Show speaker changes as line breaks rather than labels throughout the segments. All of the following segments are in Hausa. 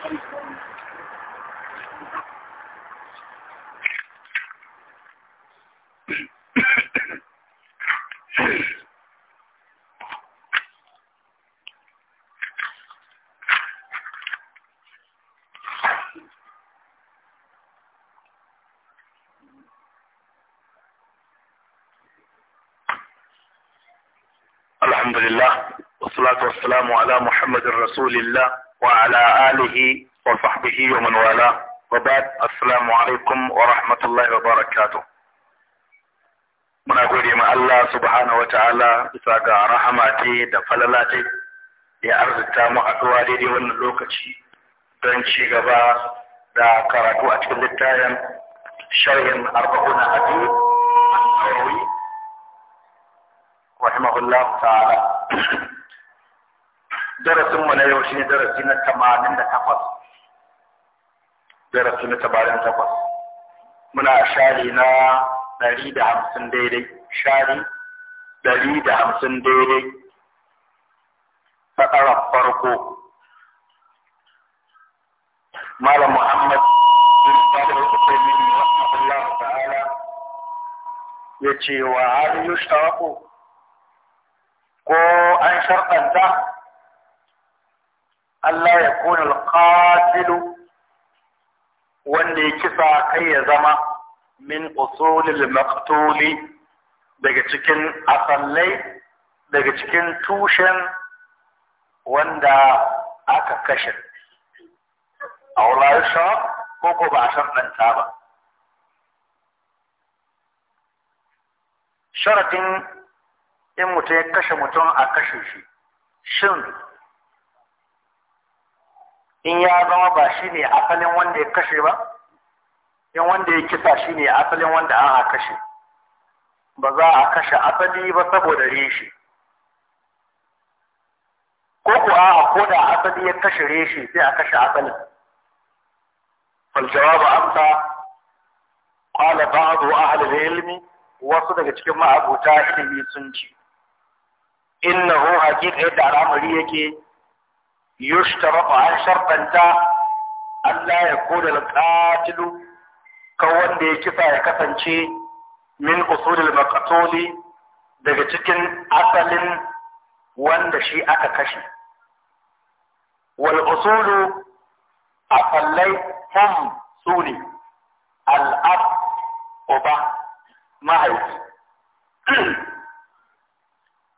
الحمد لله والصلاة والسلام على محمد رسول الله وعلى آله وصحبه ومن والاه وبعد السلام عليكم ورحمة الله وبركاته muna gode ma Allah subhanahu ta'ala bisa ga rahama da falala ce ya arzuta mu haɗuwa daidai wannan lokaci don ci gaba da karatu a cikin littafin sharhin arba'una hadith an-nawawi rahimahullah ta'ala darasin mu na yau shine darasi na 88 darasi na 88 muna shari na 150 daidai shari 150 daidai fakarar farko malam muhammad ya ce wa har yi ko an sharɗanta Allah ya kuna alƙatilu wanda ya kisa kai ya zama min usulil maktuli daga cikin asallai daga cikin tushen wanda aka kashe a wulayen sha ko ko ba a ba sharaɗin in mutum ya kashe mutum a kashe shi shin in ya zama ba shi ne asalin wanda ya kashe ba in wanda ya kisa shi ne asalin wanda an kashe ba za a kashe asali ba saboda reshe ko ku a ko da asali ya kashe reshe sai a kashe asalin ba amsa a ba'du a ilmi wasu daga cikin ma'abuta ilimi sun ci ho haƙiƙa yadda al'amari yake yushtaratu an shartanta Allah ya koda al-qatilu kan ya kisa ya kasance min usulil maqtuli daga cikin asalin wanda shi aka kashe wal usulu afallai hum sune al-ab uba mahaifi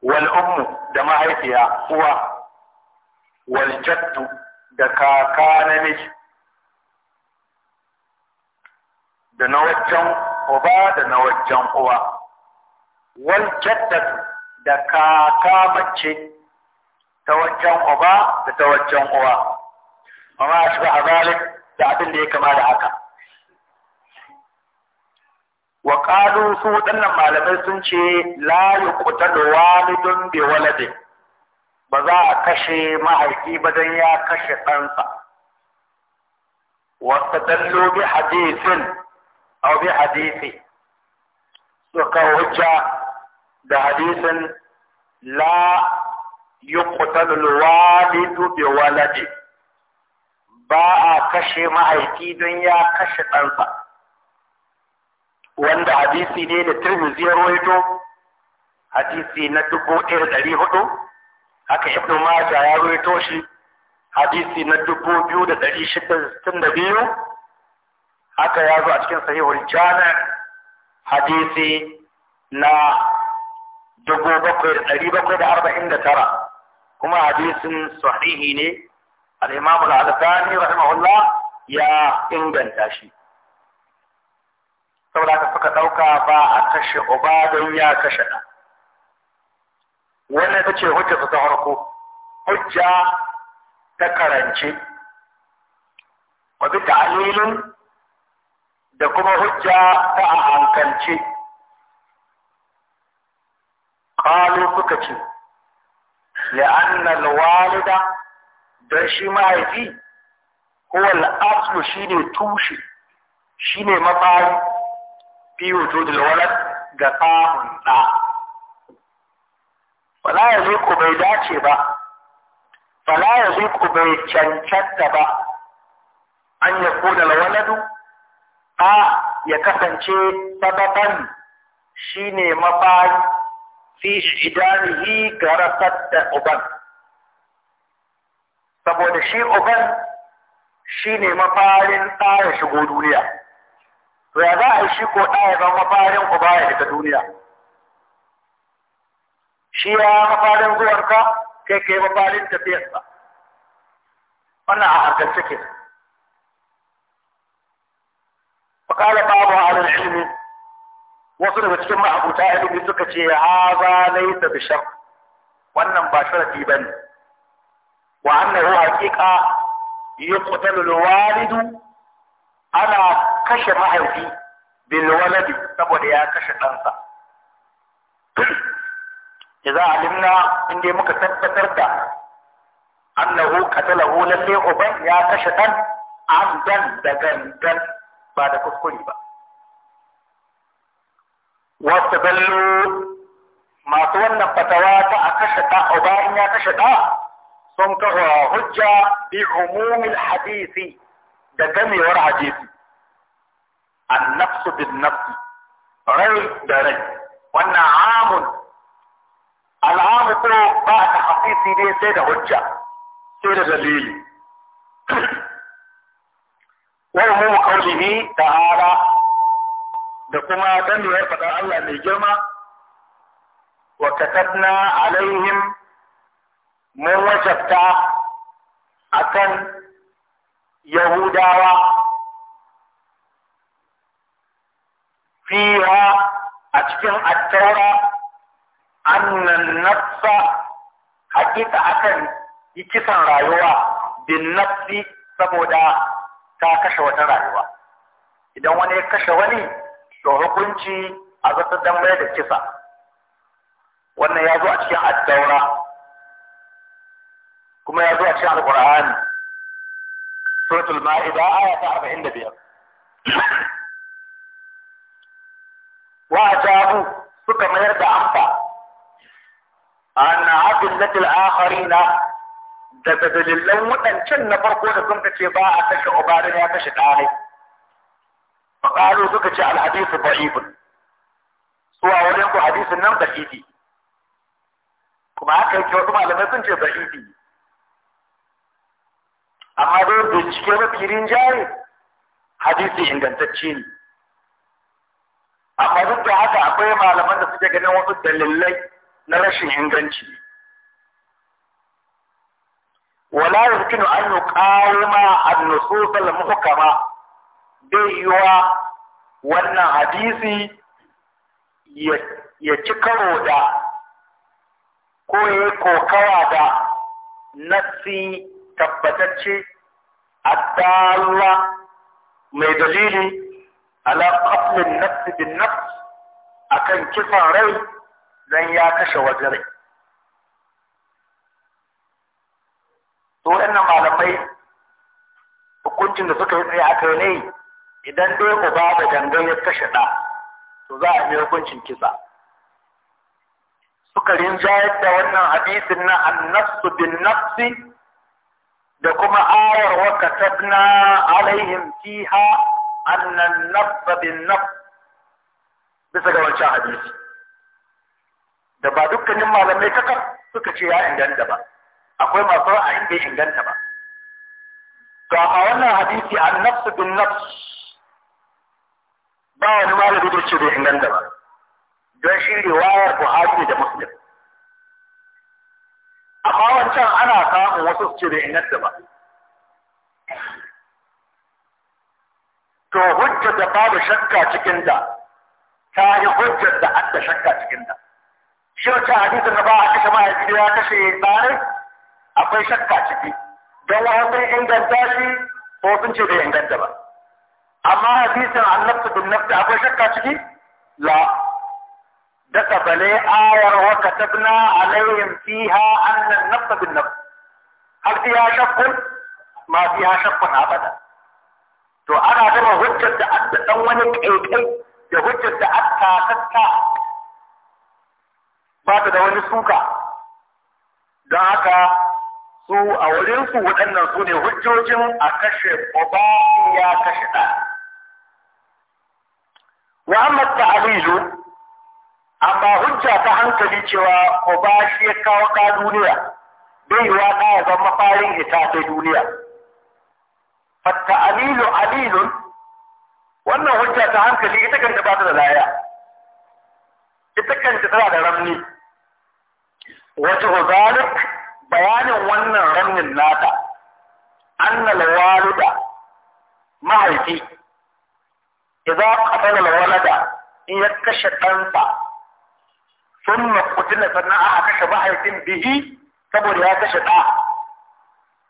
wal ummu da mahaifiya uwa wal da kaka na miji. da na wajen uba da na wajen uwa waljaddatu da kaka mace ta wajen uba da ta wajen uwa amma shi ba a da abin da ya kama da haka wa su waɗannan malamai sun ce la wani walidun bi waladin ba za a kashe mahaifi ba don ya kashe ɗansa wasu dallo bi hadisin au bi hadisi suka hujja da hadisin la yuqtalu walidu bi waladi ba a kashe mahaifi don ya kashe ɗansa wanda hadisi ne da turmizi ya rawaito hadisi na dubu ɗaya ɗari hudu haka ibnu Mata ya ruwaito shi hadisi na dubu biyu da ɗari shida da sittin da biyu haka ya zo a cikin sahihul jami hadisi na dubu bakwai da ɗari bakwai da arba'in da tara kuma hadisin sahihi ne al-imamu al-albani rahimahullah ya inganta shi saboda haka suka ɗauka ba a kashe uba don ya kashe ɗan wannan ita ce hujja ta farko hujja ta karance wa bi ta'lilin da kuma hujja ta a hankalce qalu suka ce la'annal walida dan shi mahaifi huwa al-aslu shine tushe shine mafari fi wujudil walad ga samun da fala ya ku bai dace ba fala ya ku bai cancanta ba an ya kuna waladu a ya kasance sababan shine mafari fi idanihi ga rasar da uban saboda shi uban shine mafarin ɗaya shigo duniya to ya za a yi shi ko ɗaya zama mafarin ba ya duniya shi ya mafarin zuwarka kai kai mafarin tafiyarsa wannan a harkar cikin. fakala babu halin wasu daga cikin ma'abuta ilimi suka ce haza laisa bi shar wannan ba ba ne. wa annahu haqiqa yuqtalu walidu ana kashe mahaifi bil waladi saboda ya kashe ɗansa idza alimna in dai muka tabbatar da annahu qatalahu lalle uban ya kashe dan amdan da gangan ba da kuskure ba wasu bello masu wannan fatawa ta a kashe ɗa a bayan ya kashe ɗa sun kafa hujja bi umumin hadisi da gamewar hadisi an nafsu bin nafsi rai da rai wannan amun العام تو بعد حقيقي دي سيد حجة سيد دليل وهو قوله تعالى دكما دم يفتح الله نجمة وكتبنا عليهم من وجبتا أكن يهودا فيها أتكن التوراه annan nafsa hakika akan yi kisan rayuwa bin nafsi saboda ta kashe wata rayuwa idan wani ya kashe wani to hukunci a zata dan mai da kisa
wannan ya zo a cikin addaura
kuma ya zo a cikin alqur'ani suratul ma'ida aya ta 45 wa ajabu suka mayar da amfa. Ana abin an adillatil na, daga dalilan waɗancan na farko da sun ce ba a kashe ubarin ya kashe ɗanai faƙaro suka ce alhadisu ba'ibun suwa wajen ku hadisin nan ba'ibi kuma haka yake wasu malamai sun ce ba'ibi amma dai bincike mafi rinjaye hadisi ingantacce ne amma duk da haka akwai malaman da suke ganin wasu dalilai na rashin inganci wala yumkinu an yuqawma an-nusus al-muhkama bai yuwa wannan hadisi ya ci karo da ko ya kokawa da nassi tabbatacce addalla mai dalili ala an-nafs bin nafs akan kisan rai don ya kashe wata to wannan malamai hukuncin da suka yi tsaye a kai ne idan dai uba da gangan ya kashe ɗa to za a yi hukuncin kisa suka rinjayar da wannan hadisin na annafsu bin nafsi da kuma ayar wa katabna alaihim fiha annan nafsa bin nafs bisa ga wancan hadisi da ba dukkanin malamai kakar suka ce ya inganta ba akwai masu ra'ayin bai inganta ba to a wannan hadisi an nafsu bin nafs ba wani malami da ce bai inganta ba don shi wayar Buhari da Muslim
amma wancan ana samun wasu
su ce bai inganta ba to hujjar da babu shakka cikinta ta yi hujjar da adda shakka cikinta shi wacce hadisin da ba a kashe mahaifi ya kashe ɗanai akwai shakka ciki don wani sun inganta shi ko sun ce bai inganta ba amma hadisin annabta bin nafta akwai shakka ciki la Da bale ayar wa katabna alaihim fiha anna an-nafs bin nafs hal fiha shakkun ma fiha shakkun abada to ana gama hujjar da adda dan wani kaikai da hujjar da aka tatta ba ta da wani suka don haka su a wurinsu waɗannan su ne hujjojin a kashe uba ya kashe ɗa wa amma alilu amma hujja ta hankali cewa uba shi ya kawo ka duniya bai yi ɗa ya zama farin ita ta duniya fatta alilu alilun wannan hujja ta hankali ita kanta ba ta da laya ita kanta tana da ramni wata zalik bayanin wannan ramin nata annal walida mahaifi Idan aka qatala walada in ya kashe ɗansa thumma qutila sannan aka kashe mahaifin bihi saboda ya kashe ɗa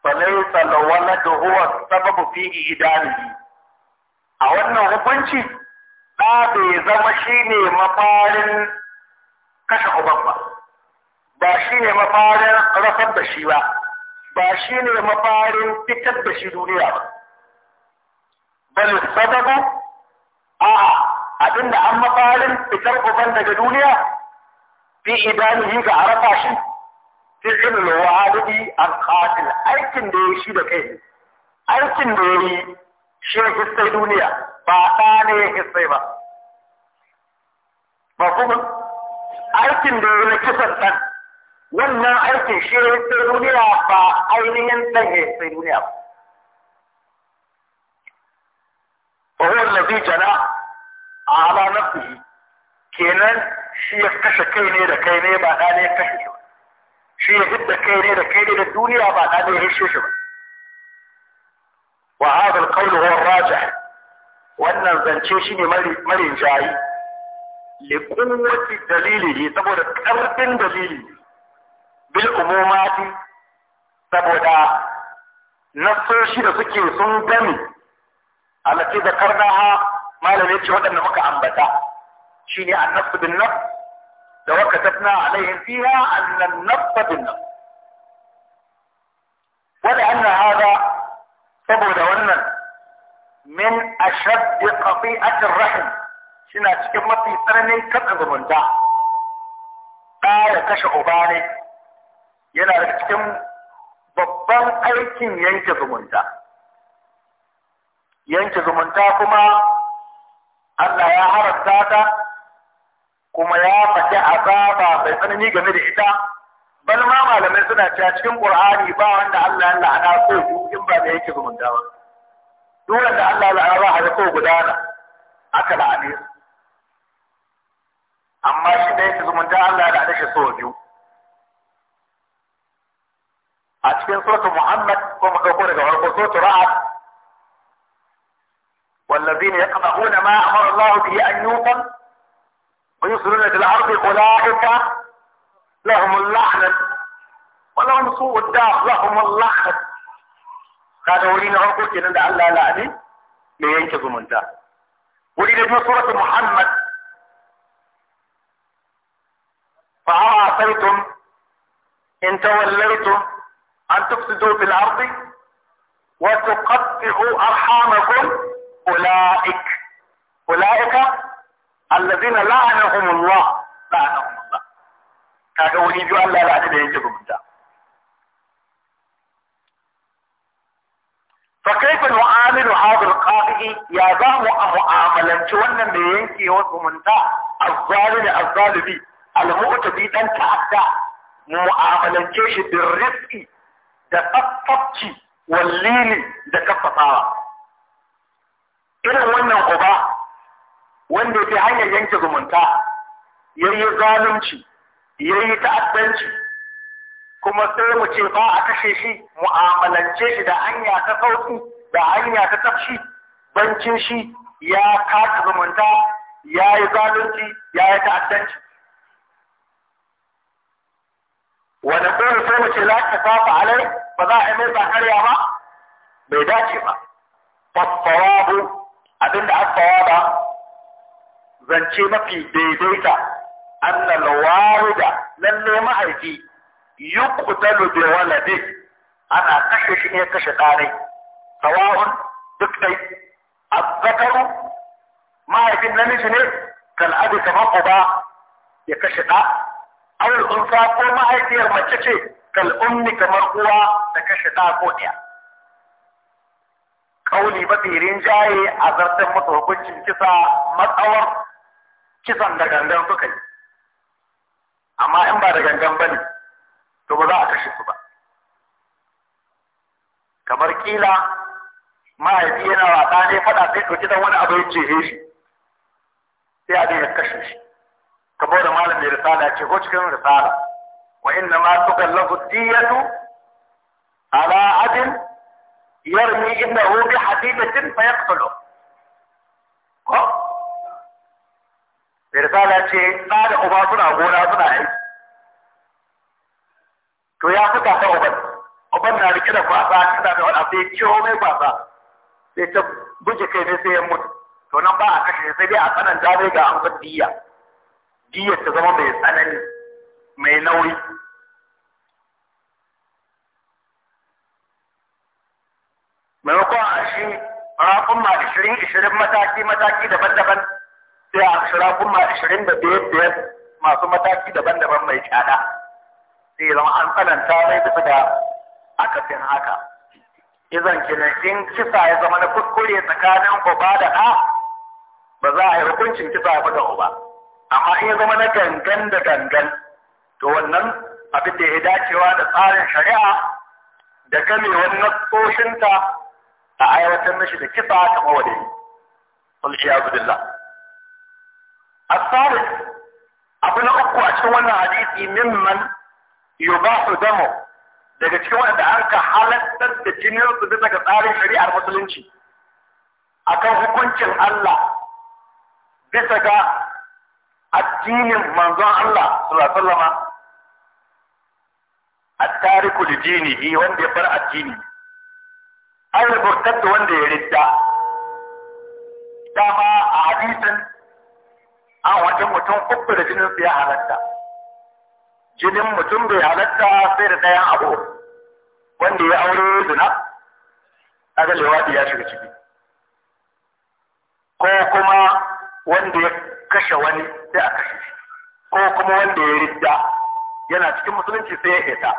falaysa alwaladu huwa sababu fi idani a wannan hukunci ɗa bai zama shine mafarin kashe uban ba ba shi ne mafarin rafar da shi ba ba shi ne mafarin fitar da shi duniya ba bal sadaku a abinda an mafarin fitar uban daga duniya fi idanihi ga arafa shi fi'il wa'adi al-qatil aikin da ya shi da kai aikin da ya yi shi hissai duniya ba ta ne hissai ba ba kuma aikin da ya yi na kisan ɗan wannan aikin shi ya fi duniya ba ainihin ɗan ya fi duniya ba. Wahon na fi jana a ala na kenan shi ya kashe kai ne da kai ne ba ɗa ne ya kashe shi ba. Shi ya hidda kai ne da kai ne da duniya ba ɗa ne ya hishe shi ba. Wa hada alƙawli wa raja wannan zance shi ne marin jayi. Liƙun wata dalili ne saboda ƙarfin dalili ne. bil umumati saboda nassoshi da suke sun gami alati da karnaha malamai ce waɗanda muka ambata shine annafsu bin nafs da wakatatna alaihim fiha annan nafsa bin nafs wada anna hada saboda wannan min ashaddi qati'atir rahim shina cikin mafi tsananin katsa zumunta ɗaya kashe uba ne yana da cikin babban aikin yanke zumunta yanke zumunta kuma Allah ya haramta ta kuma ya faɗi azaba mai tsanani game da ita bal ma malamai suna cewa cikin ƙur'ani, ba wanda Allah ya la'ana ko in ba da yake zumunta ba duk da Allah ya la'ana ba har ko gudana aka la'ane su amma shi da yake zumunta Allah ya la'ana shi so biyu a سورة محمد Muhammad ko إذا ɗauko صوت farko والذين يقطعون ما أمر الله به أن يوقن ويصلون إلى الأرض أولئك لهم اللعنة ولهم سوء الدار لهم اللعنة هذا ولين عقوك إن لا لعني لينكذ من دار ولينا في سورة محمد فعاصيتم إن توليتم أن تفسدوا في الأرض وتقطعوا أرحامكم أولئك أولئك الذين لعنهم الله لعنهم الله كاكا وليجوا أن لا لعنهم يجبهم دا فكيف نعامل هذا القائد يا دام معاملة وانا ينكي يوم انت الظالم الظالم المؤتبي انت أبدا معاملة جيش بالرزق da tsaffafci wallili da kafafawa. irin wannan uba wanda ya fi hanyar yanke zumunta ya yi zalunci ya yi ta'addanci kuma sai mu ce ba a kashe shi mu'amalance shi da hanya ta sauki da hanya ta tafshi bancin shi ya kata zumunta ya yi zalunci ya yi ta'addanci ونقول سنة لا اتفاق عليه فضاء من بحر يما بيداتي ما فالصواب أبن الصواب زنشي ما في بيديتا أن الوالد لن يمعجي يقتل بولده أنا كشش إيه كشقاني سواء دكتي الذكر ما يتم لنجني كالأبي كما قبا يكشقا awar unsa ko mahaifiyar mace ce kal ummi kamar uwa da kashe ɗa ko ɗaya kauli mafi rinjaye a zartar musu hukuncin kisa matsawar kisan da gangan suka yi amma in ba da gangan ba ne to ba za a kashe su ba kamar kila mahaifi yana wasa ne faɗa sai ɗauki don wani abu ya ce shi sai a daina kashe shi kamar da malam mai risala ce ko cikin risala wa inna ma tukallafu diyatu ala adin yarmi innahu bi hadidatin fa yaqtulu ko mai risala ce da uba suna gona suna aiki to ya fita ta uban uban na rike da kwasa tana da wani abu ya mai kwasa sai ta buje kai ne sai ya mutu to nan ba a kashe sai dai a tsananta dai ga an diyya diyar ta zama mai tsanani mai nauyi maimakon a shi rakun ma ashirin ishirin mataki mataki daban-daban sai a shi rakun ma ishirin da biyar biyar masu mataki daban-daban mai tsada sai zama an tsananta mai bisa da akasin haka izan kenan in kisa ya zama na kuskure tsakanin uba da ɗa ba za a yi hukuncin kisa ya fi ga uba amma in ya zama na gangan da gangan to wannan abin da ya dacewa da tsarin shari'a da kame wannan nassoshinta a aiwatar mashi da kisa kama wade kulci ya A tsarin abu na uku a cikin wannan hadisi mimman su damo daga cikin wanda an ka halattar da jinin su bisa ga tsarin shari'ar musulunci akan hukuncin Allah bisa ga addinin manzon Allah sallallahu alaihi wasallam at-tariku li dinihi wanda ya bar addini an rubutar wanda ya ridda dama a hadisin an wajen mutum uku da jinin ya halatta jinin mutum bai halatta sai da ɗayan abu wanda ya aure zina kaga lewadi ya shiga ciki ko kuma wanda ya kashe wani sai a kashe shi ko kuma wanda ya ridda yana cikin musulunci sai ya fita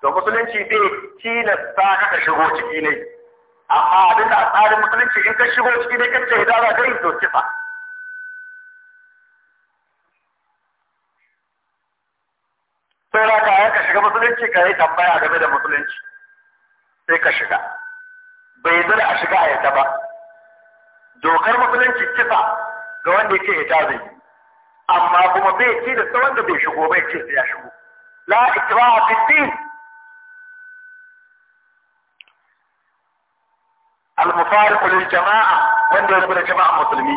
to musulunci bai tilasta sa ka shigo ciki ne amma abinda a tsarin musulunci in ka shigo ciki ne kan za ka yi to kifa sai ka ka shiga musulunci ka yi tambaya game da musulunci sai ka shiga bai zara a shiga a yadda ba dokar musulunci kisa ga wanda ya ce hijabi amma kuma bai ce da wanda bai shigo bai ce sai ya shigo la ikraha fi din al mufariq lil jama'a wanda ya da jama'a musulmi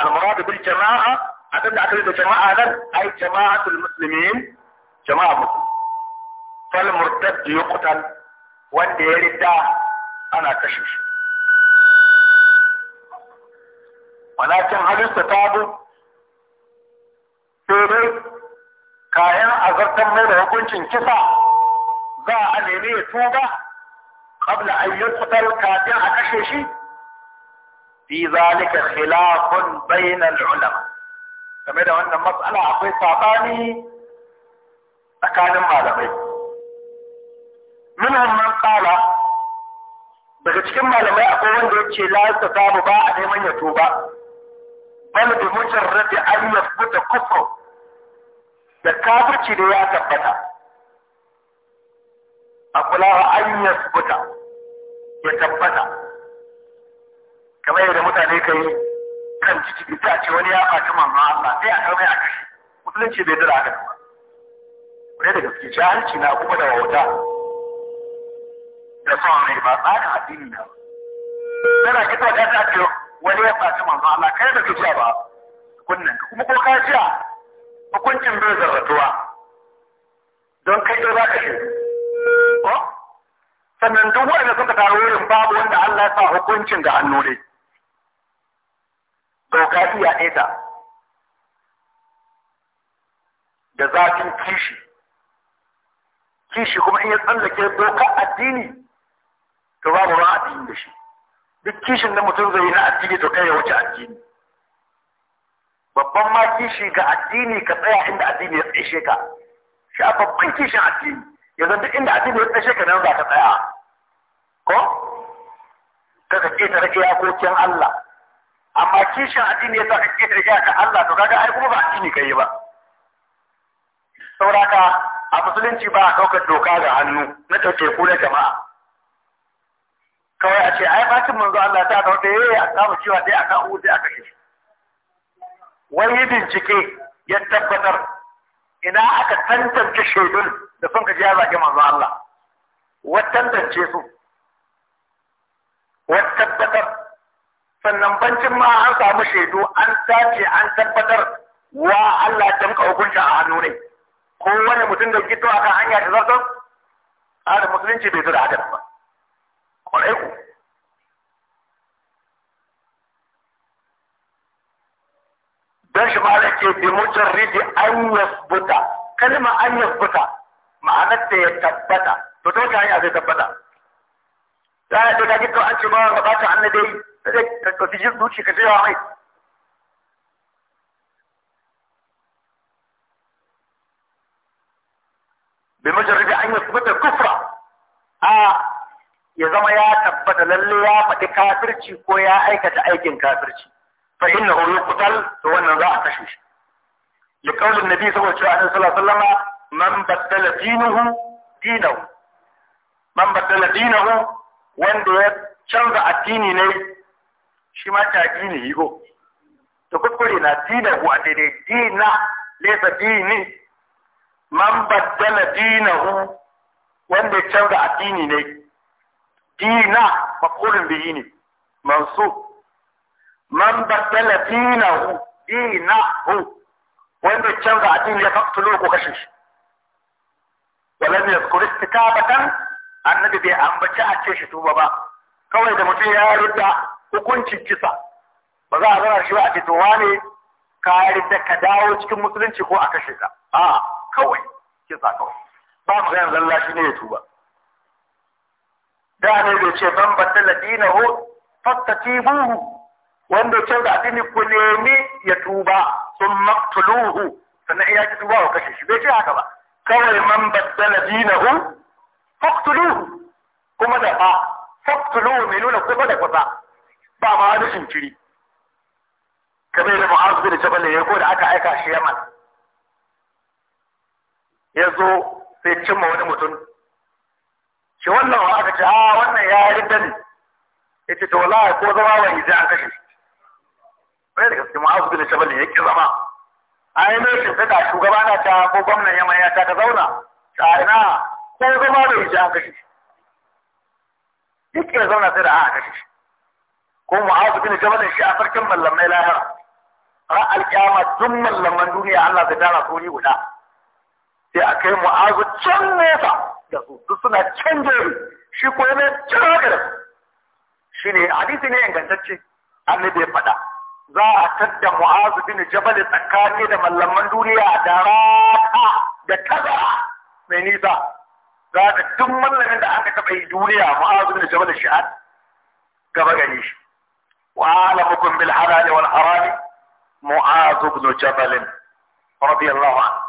al murad bil jama'a abinda aka da jama'a nan ai jama'atul muslimin jama'a musulmi fal murtad yuqtal wanda ya ridda ana kashe shi ولكن هل تابو سيدي كاين أزرتم من هكونش انكسا زا أليني توبة قبل أن يدفت الكاتين أكشيشي في ذلك خلاف بين العلماء كما يدعو أن المسألة أخوي ساباني أكالم هذا منهم من قال daga cikin malamai akwai wanda ya ce la ta samu ba bal bi mujarrad an yathbuta kufr da kafirci da ya tabbata a kula an yathbuta ya tabbata kamar yadda mutane ka yi kan ciki ta ce wani ya faci manzo Allah sai a kawai a kashi musulunci bai dira haka kuma wani da gaske jahilci na kuma da wauta da son ba ba tsarin addini na ba. Yana kita ta ta ce wani ya faci manzon Allah kai da kace ba kunnan kuma ko ka ci hukuncin bai zarratuwa don kai da zaka shi ko sannan duk wanda suka taro wurin babu wanda Allah ya sa hukuncin ga hannu ne doka iya ita da zafin kishi kishi kuma in ya tsallake doka addini to babu ma addini da shi duk kishin da mutum zai na addini to kai ya wuce addini babban ma kishi ga addini ka tsaya inda addini ya tsaye ka shi a babban kishin addini yanzu duk inda addini ya tsaye ka nan za ka tsaya ko ka ka ketare iyakokin Allah amma kishin addini ya sa ka rage ka Allah to kaga ai kuma ba addini kai ba saboda a musulunci ba a ɗaukar doka ga hannu na ɗauke ku na jama'a kawai a ce ai bakin manzo Allah ta kawo da yayi a kama cewa dai aka u dai aka kishi wani bincike ya tabbatar ina aka tantance shaidun da sun kaji ya zage manzo Allah wat tantance su wat tabbatar sannan bancin ma an samu shaidu an tace an tabbatar wa Allah ta hukunta a hannu ne ko wani mutum da gito akan hanya da zartar a da musulunci bai zo da adam ba وقعوا don shi ma ke bi mujarridi an yasbuta kalma an yasbuta ma'anar da ya tabbata to ta wace hanya zai tabbata za a ce kake to an ce ma ba ta annabi sai ka fi jin zuci ka ce wa mai bi mujarridi an yasbuta kufra a ya zama ya tabbata lalle ya faɗi kafirci ko ya aikata aikin kafirci fa inna hu yuqtal to wannan za a kashe shi ya kawo nabi sallallahu alaihi wasallam man baddala dinuhu dinahu man baddala dinahu wanda ya canza addini ne shi ma ta addini yigo to kuskure na dinahu a daidai dina laysa dini man baddala dinahu wanda ya canza addini ne dina maqulun bihi ne mansub man baddala dinahu dinahu wanda canza addini ya faktulu ko kashe shi walam yazkur istitabatan annabi bai ambaci a ce shi tuba ba kawai da mutum ya rudda hukuncin kisa ba za a zara shi ba a fitowa to wane ka ka dawo cikin musulunci ko a kashe ka a kawai kisa kawai ba mu ga yanzu Allah ne ya tuba da ce ban ce dina baddala dinahu buhu wanda ce da addini ku nemi ya tuba sun maktuluhu sannan ya ki tuba wa kashe shi bai ce haka ba kawai man baddala dinahu faktuluhu kuma da ba faktuluhu mai nuna kuma da kusa ba ma wani shinkiri kamar da Mu'az da Jabal ya ko da aka aika shi Yaman ya zo sai cimma wani mutum ki wannan wa aka ce a wannan ya ridda ne yace to wallahi ko zama ba yi an kashe bai da gaske mu'azu bin jabal ne yake zama ai ne shi fada shugaba na ta ko gwamnan yaman ya ta ka zauna ta ina ko zama bai yi an kashe yake zauna sai da a kashe ko mu'azu bin jabal shi a farkin mallamai lahira ra alƙiyama duk mallaman duniya Allah ta tara su guda sai a kai mu'azu can nesa da su duk suna canje shi ko yana cin haka da su shi ne hadisi ne ingantacce annabi ya faɗa za a tadda mu'azu bin jabal tsakani da mallaman duniya da rata da kaza mai nisa za ka duk mallamin da aka taɓa yi duniya mu'azu bin jabal shi'ad gaba gani shi wa alamukum bil halali wal harami mu'azu bin jabal radiyallahu anhu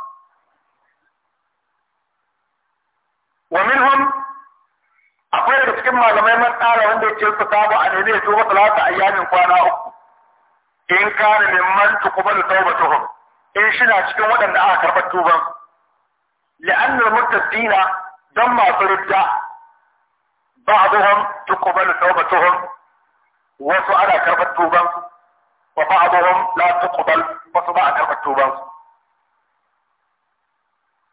ومنهم أقول لك كما لما يمن قال عند الجلسة تابع أن يليه توبة ثلاثة أيام قوانا إن كان ممن تقبل توبتهم إن شنا شكوا ودن آخر بالتوبة لأن المتسين دم صرفت بعضهم تقبل توبتهم وسؤال كرب التوبة وبعضهم لا تقبل وسؤال كرب التوبة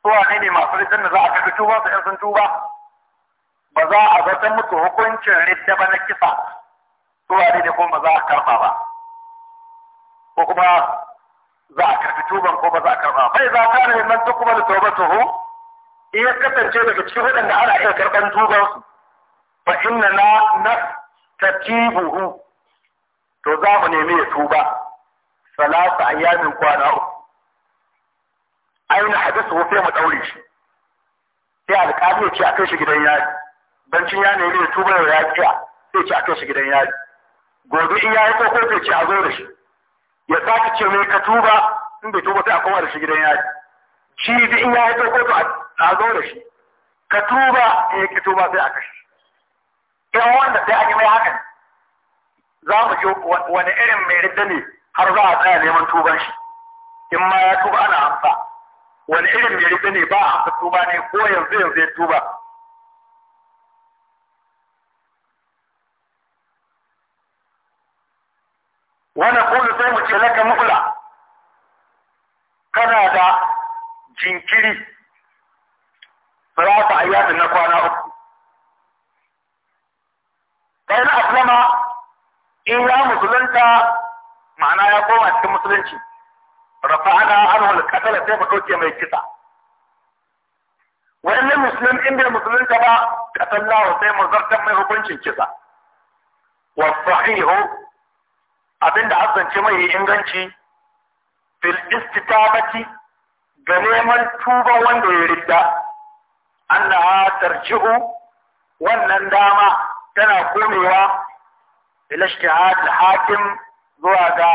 suwa ne masu rikin da za a kafi tuba su ‘yan sun tuba ba za a zata musu hukuncin ridda ba na kisa suwa ne ko ba za a karfa ba ko kuma za a karfi tuban ko ba za a karfa bai za ka ne man ta kuma da taubatuhu in iya kasance daga cikin waɗanda ana iya karɓar tubansu fa inna na na tatibuhu to za mu nemi ya tuba salasa ayyamin kwana uku ainihin hadisu sai mu daure shi sai alƙali ya ce a kai shi gidan yari bancin ya ne ya tuba ya tsaya sai ce a kai shi gidan yari gobe in ya yi ko zai ce a zo da shi ya sake ce mai ka tuba in bai tuba sai a koma da shi gidan yari shi bi in ya yi ko to a zo da shi ka tuba in ya ki tuba sai a kashe in wanda sai an yi mai hakan za mu ji wani irin mai riddani har za a tsaya neman tuban shi in ma ya tuba ana amsa wani irin mai riƙe ne ba a haka tuba ne ko yanzu yanzu ya tuba wani kuma sai mu ce laka mukula kana da jinkiri a ayyatin na kwana uku kai na aslama in ya musulunta ma'ana ya koma cikin musulunci rafa'ana anhu al-qatala sai mu kauce mai kisa wa in muslim in bai ba qatallahu sai mu zartar mai hukuncin kisa wa sahihu abinda azance mai inganci fil istitabati ga neman tuba wanda ya ridda annaha tarji'u wannan dama tana komewa ila ijtihad al-hakim zuwa ga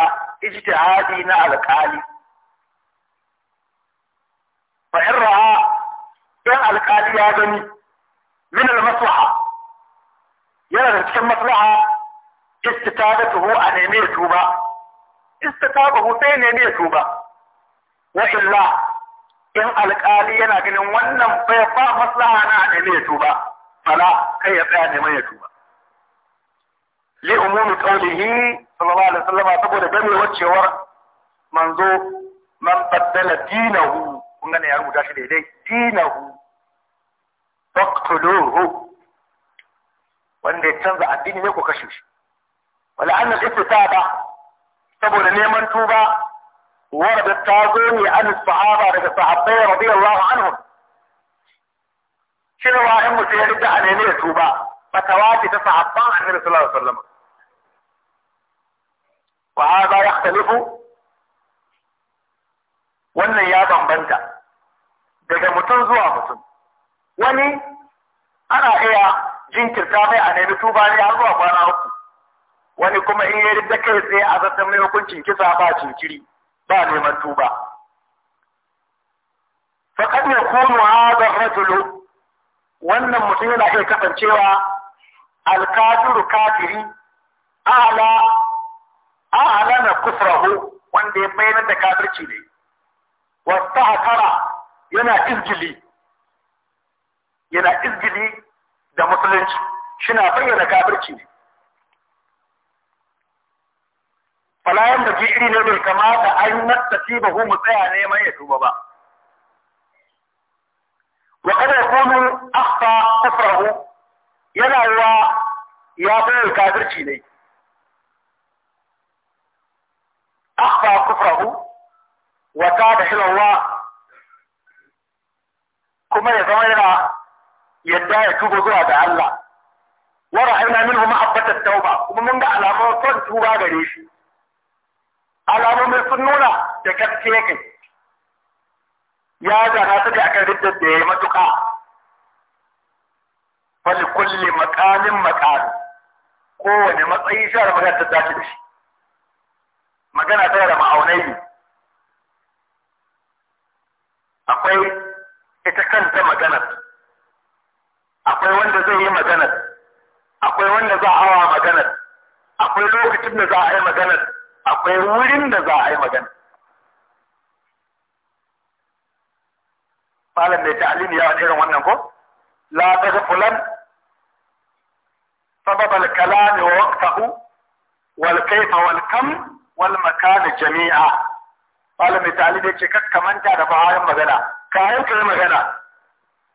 ijtihadi na alƙali فإن رأى إن القاضي يا بني من المصلحة يرى كم مصلحة استتابته أن يمير توبة استتابه سين يمير توبة وإلا إن القاضي ينا جنون ونم فيفا مصلحة أن يمير توبة فلا كي يفعل ما يتوبة
لأموم قوله
صلى الله عليه وسلم تقول بني وجه ورق منذ من بدل دينه kun gane ya rubuta shi daidai dinahu faqtuluhu wanda ya canza addini ne ko kashe shi wala annal istitaba saboda neman tuba ورد تازوني عن الصحابة رضي الصحابة رضي الله عنهم شنو راهم مسيرد عن هنا توبا فتواتي تصحابة عن النبي صلى الله عليه وسلم وهذا يختلف mutum zuwa mutum wani ana iya jinkirta mai a nemi tuba ne har zuwa kwana uku wani kuma in ya da kai tsaye a zata mai hukuncin kisa ba jinkiri ba neman tuba faƙad ya kunu hadar rajulu wannan mutum yana iya kasancewa alkafiru kafiri ala ala na kufrahu wanda ya bayyana da kafirci ne wasta hakara yana izgili yana izgili da musulunci shina bayyana kafirci ne falayan da iri ne bai kamata an mataki ba mu tsaya neman ya tuba ba wa kada yakunu akhta kufrahu yana wa ya bayyana kafirci ne akhta kufrahu wa tada ila Allah kuma ya zama yana yadda ya tuba zuwa ga Allah wa ra'ayna minhu ma'abbata tauba kuma mun ga alamun son tuba gare shi Alamomi sun nuna da kaske yake ya zana ta da akan riddar da ya yi matuƙa wani kulle makalin makal kowane matsayi sha da magana ta dace da shi magana ta da ma'aunai akwai ita kanta maganar akwai wanda zai yi maganar akwai wanda za a hawa maganar akwai lokacin da za a yi maganar akwai wurin da za a yi maganar malam mai ta'alimi ya wani irin wannan ko la taghfulan sabab al-kalam wa waqtahu wal kayfa wal kam wal makan jami'a malam mai ta'alimi ya ce manta da bayan magana kayan ka yi magana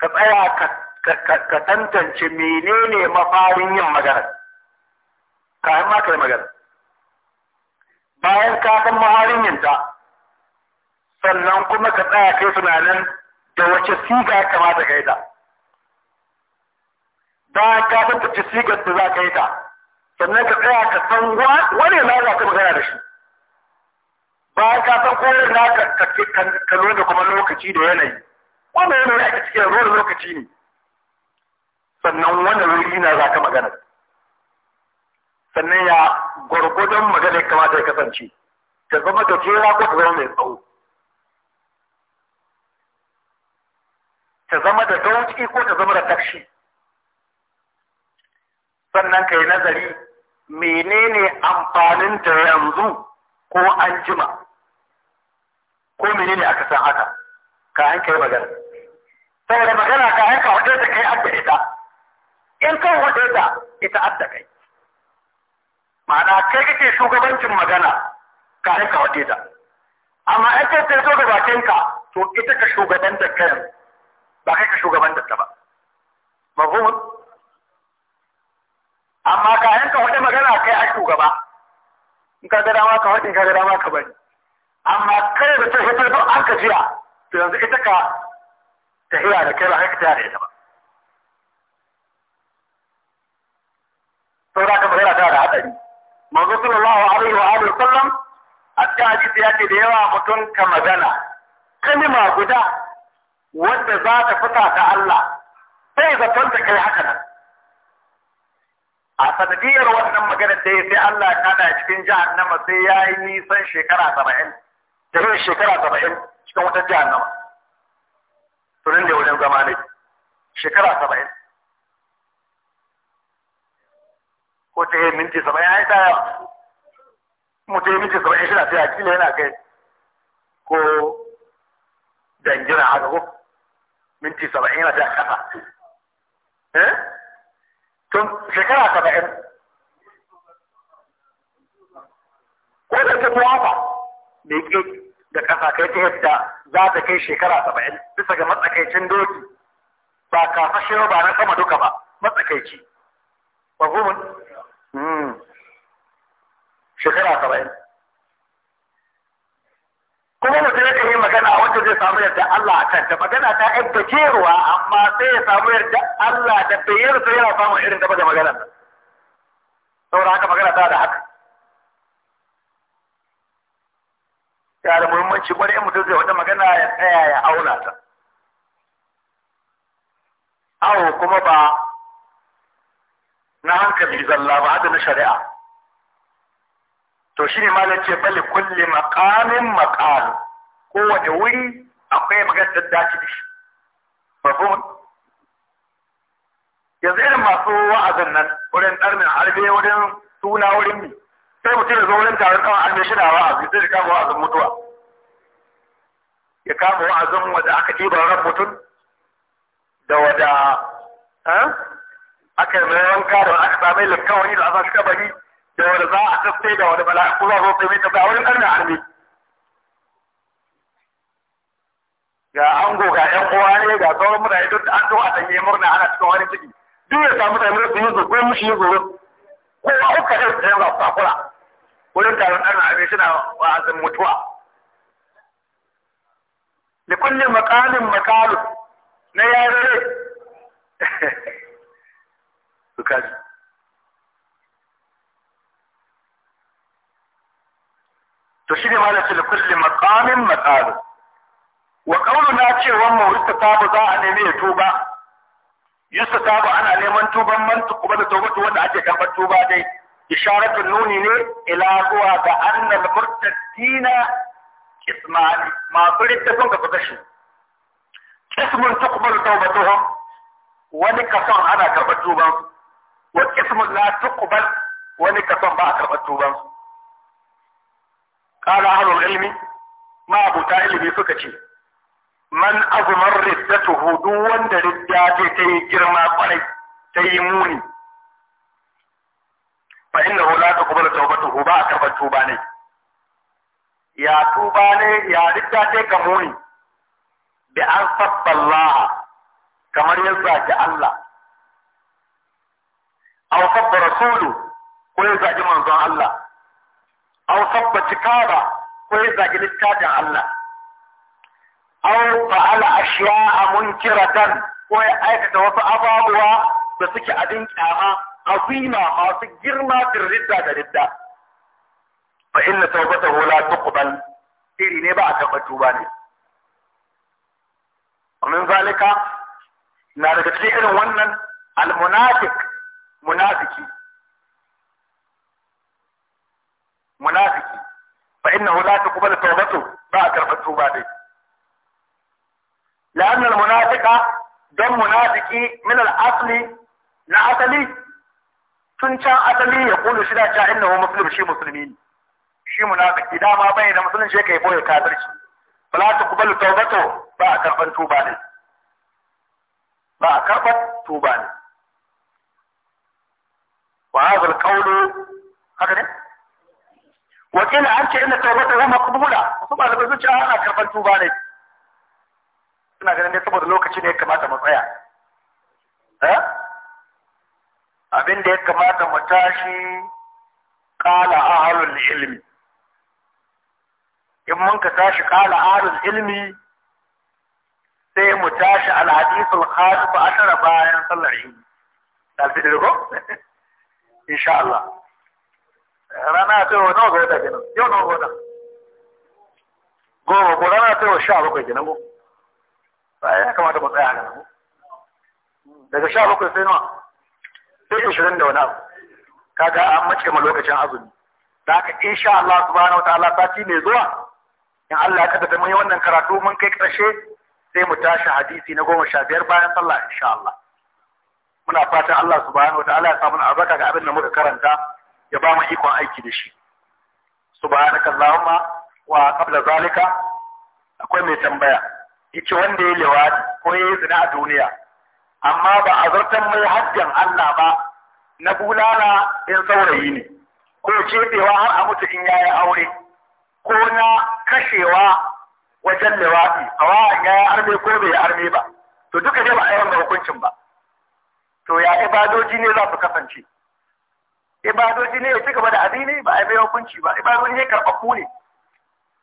ka tsaya ka tantance menene mafarin yin magana kayan ma ka yi magana bayan ka san mafarin yin ta sannan kuma ka tsaya kai tunanin da wace siga ya kamata ka yi ta bayan ka tantance sigar da za ka yi ta sannan ka tsaya ka san wane na za ka magana da shi bayan ka san koyar na ka lura da kuma lokaci da yanayi wannan yanayi ake cikin ruwan lokaci ne sannan wannan wuri na za ka magana sannan ya gwargwadon magana ya kamata ya kasance ta zama da jera ko ta zama mai tsawo ta zama da dauki ko ta zama da takshi sannan ka yi nazari menene amfanin ta yanzu ko an jima ko menene aka san haka ka hanka yi magana saboda magana ka hanka wadda ta kai adda ita in kan wadda ta ita adda kai ma'ana kai kake shugabancin magana ka hanka wadda ta amma in kai ta zo gabatin ka to ita ka shugaban da kai ba kai ka shugaban da ta ba mafhumun
amma ka hanka wadda magana kai a shugaba
in ka ga dama ka wadda in ka ga dama ka bari amma kai da ta hitar duk an ka jiya to yanzu ita ka tahiya da kai ba kai ka tahiya da ita ba sau da ka magana ta da hatsari manzo sallallahu alaihi wa alihi sallam a cikin hadisi ya ce da yawa mutum ka magana kalima guda wanda za ta fita ta Allah sai zaton da kai haka nan a sanadiyar wannan maganar da ya sai Allah ya kada cikin jahannama sai ya yi nisan shekara saba'in tafiyar shekara saba'in cikin wutar jahannama to nan da wajen zama ne shekara saba'in ko ta yi minti saba'in ya yi taya mutum yi minti saba'in shi na taya kila yana kai ko dangira haka ko minti saba'in yana taya kasa eh tun shekara saba'in ko da ta tuwafa leƙe da kasa kai ta yadda za ta kai shekara saba'in bisa ga matsakaicin doki ba kafashe ba na sama duka ba matsakaici ba mafumin hmm. shekara saba'in kuma mutum yakan yi magana wacce zai samu yadda Allah a kanta magana ta yadda keruwa amma sai ya samu yadda Allah da bayyana sai yana samun irin gaba da maganar saboda haka magana ta da haka ta da muhimmanci kwarai mutum zai wata magana ya tsaya ya auna ta awo kuma ba na hankali zalla ba hada na shari'a to shine malam ce bali kulli maqamin maqal kowane wuri akwai magana da dace da shi mafhum yanzu irin masu wa'azin nan wurin ɗarmin harbe wurin suna wurin mi sai mutum ya zo wurin taron kawai an shi shirya wa'azi sai ya kama wa'azin mutuwa ya kama wa'azin wanda aka ɗiba ran mutum da wada aka yi mai wanka da aka samai wani da asashi kabari da wada za a tafsai da bala bala'iku za su tsaye ta a wurin ɗan armi ga ango ga ƴan uwa ne ga sauran mutane duk da an zo a sanye murna ana cikin wani ciki duk ya samu mutane su yi zo ko mushi yi zo ko ba uka ɗaya da a kura wurin taron ana abin suna wa'azin mutuwa da kullum makalin makalu na yare su kaji to shi ne ma da kullum makalin makalu wa na cewa mu ta za a nemi ya tuba ba ana neman tuban mantu kuma da tobatu wanda ake kafa tuba dai isharatun nuni ne ila zuwa ga annal murtaddina ismani masu rittafin ka suka shi ismun tuqbalu tawbatuhum wani kason ana karɓar tuban wa ismun la tuqbal wani kason ba a karɓar tuban qala ahlul ilmi ma abuta ilimi suka ce man azmar riddatuhu duk wanda ridda ta yi girma kwarai ta yi muni fa innahu la tuqbalu tawbatuhu ba a karɓar tuba ne ya tuba ne ya litta ka muni da an sabballaha kamar ya zaki Allah aw sabba rasulu ko ya zaki manzon Allah aw sabba kitaba ko ya littafin Allah aw fa'ala ashya'a munkiratan ko ya aikata wasu ababuwa da suke abin ƙyama. azima masu girma fil ridda da ridda fa inna tawbatahu la tuqbal iri ne ba a taɓa tuba ne ومن ذلك na daga cikin wannan almunafik munafiki munafiki fa innahu la tuqbalu tawbatu ba karɓar tuba dai la'anna almunafiqa dan munafiki min al-asli na asali tun can asali ya kulu shi da ta inna wa muslim shi musulmi ne shi munafiki dama bai da musulunci kai boye kafirci Bala ta kubalu tawbato ba a karban tuba ne ba a karban tuba ne wa hadha alqawlu haka ne wa kila an ce inna tawbata hu maqbula su ba da zuciya a karban tuba ne ina ganin ne saboda lokaci ne ya kamata mu tsaya eh abin da ya kamata mu tashi ƙala ahalul ilmi in mun ka tashi ƙala ahalul ilmi sai mu tashi alhadisul khatib ashara bayan sallar yi dalfi da ko insha Allah rana ta yau nawa ga wata nan? yau nawa ga wata goma ko rana ta yau sha bakwai kenan ko ya kamata mu tsaya nan daga sha bakwai sai nawa sai ishirin da wani abu kaga an mace ma lokacin azumi da haka insha Allah subhanahu wa ta'ala sati mai zuwa in Allah ya kaddata mun yi wannan karatu mun kai ƙarshe sai mu tashi hadisi na goma sha biyar bayan sallah insha Allah muna fatan Allah subhanahu wa ta'ala ya samu albarka ga abin da muka karanta ya ba mu ikon aiki da shi subhanaka allahumma wa qabla zalika akwai mai tambaya yace wanda ya lewa ko ya yi zina a duniya amma ba a zartan mai hajjan Allah ba na bulala in saurayi ne ko cewa har a mutu in yayi aure ko na kashewa wajen lewafi a wawan ya arme ko bai arme ba to duka dai ba a yi hukuncin ba to ya ibadoji ne za su kasance ibadoji ne ya ci gaba da addini ba a bai hukunci ba ibadoji ne karɓaɓɓu ne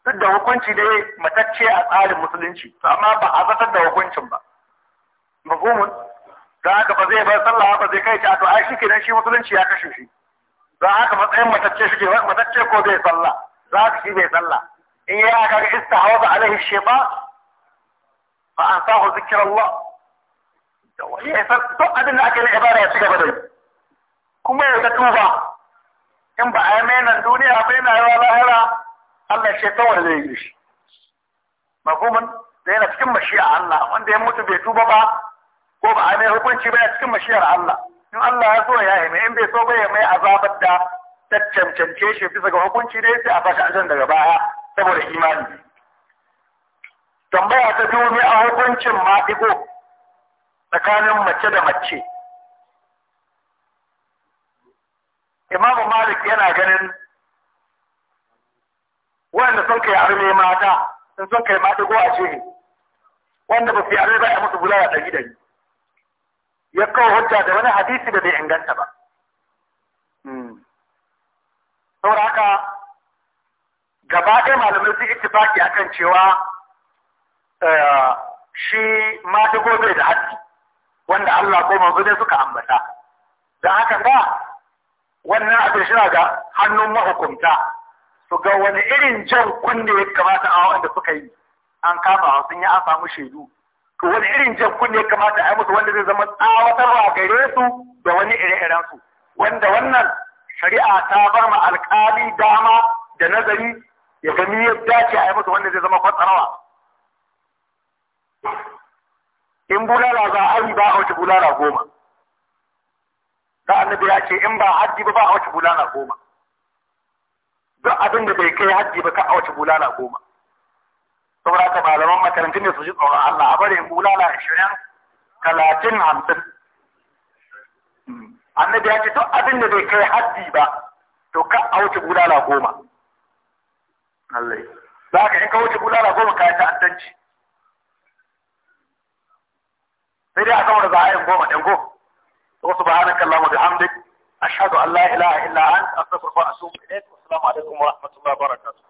duk da hukunci ne matacce a tsarin musulunci to amma ba a zartar da hukuncin ba mafhumun don haka ba zai bar sallah ba zai kai ta to ai shi kenan shi musulunci ya kashe shi don haka matsayin matacce shi ke matacce ko bai sallah za ka shi bai sallah in ya aka ga istihawza alaihi shayba fa an sahu zikrullah to wani ya san duk abin da aka yi ibada ya ci gaba da yi kuma ya ta tuba in ba a yi mai nan duniya ba yana yawa lahira Allah shi ta wanda zai yi shi mafhumin da yana cikin mashi'a Allah wanda ya mutu bai tuba ba ko ba a mai hukunci ba a cikin mashiyar Allah in Allah ya so ya yi mai in bai so ba ya mai azabar da ta cancance shi bisa ga hukunci da yake a fashi ajan daga baya saboda imani tambaya ta biyu ne a hukuncin maɗigo tsakanin mace da mace imamu malik yana ganin wanda sun kai arme mata sun sun kai maɗigo a ce wanda ba su yi arme ba ya musu bulaya ɗari ɗari ya kawo hujja da wani hadisi da bai inganta ba hmm. saboda haka gaba ɗaya malamai sun ittifaki akan cewa eh, shi ma dugo da haddi wanda Allah ko ne suka ambata Da haka ba wannan abin shi ga hannun mahukunta su ga wani irin jan kunne ya kamata a wanda suka yi an kama sun yi an samu shaidu wani irin jankun ya kamata a yi musu wanda zai zama tsawatarwa gare su da wani ire-iren su wanda wannan shari'a ta bar ma alƙali dama da nazari ya gani ya dace a yi musu wanda zai zama kwatsarawa in bulala za a yi ba a wuce bulala goma da annabi ya ce in ba haddi ba ba a wuce bulala goma duk abin da bai kai haddi ba ka a wuce bulala goma saboda ka malaman makarantun ne su ji tsoron Allah a bare bulala ashirin talatin hamsin annabi ya ce duk abin da bai kai haddi ba to ka a wuce bulala goma Allah za ka in ka wuce bulala goma ka yi ta'addanci sai dai a kan wanda za a yi goma ɗan go wasu ba hannun kallon wajen hamdik ashadu Allah ilaha illa an a wa atubu ilayk wa assalamu alaikum wa rahmatullahi wa barakatuh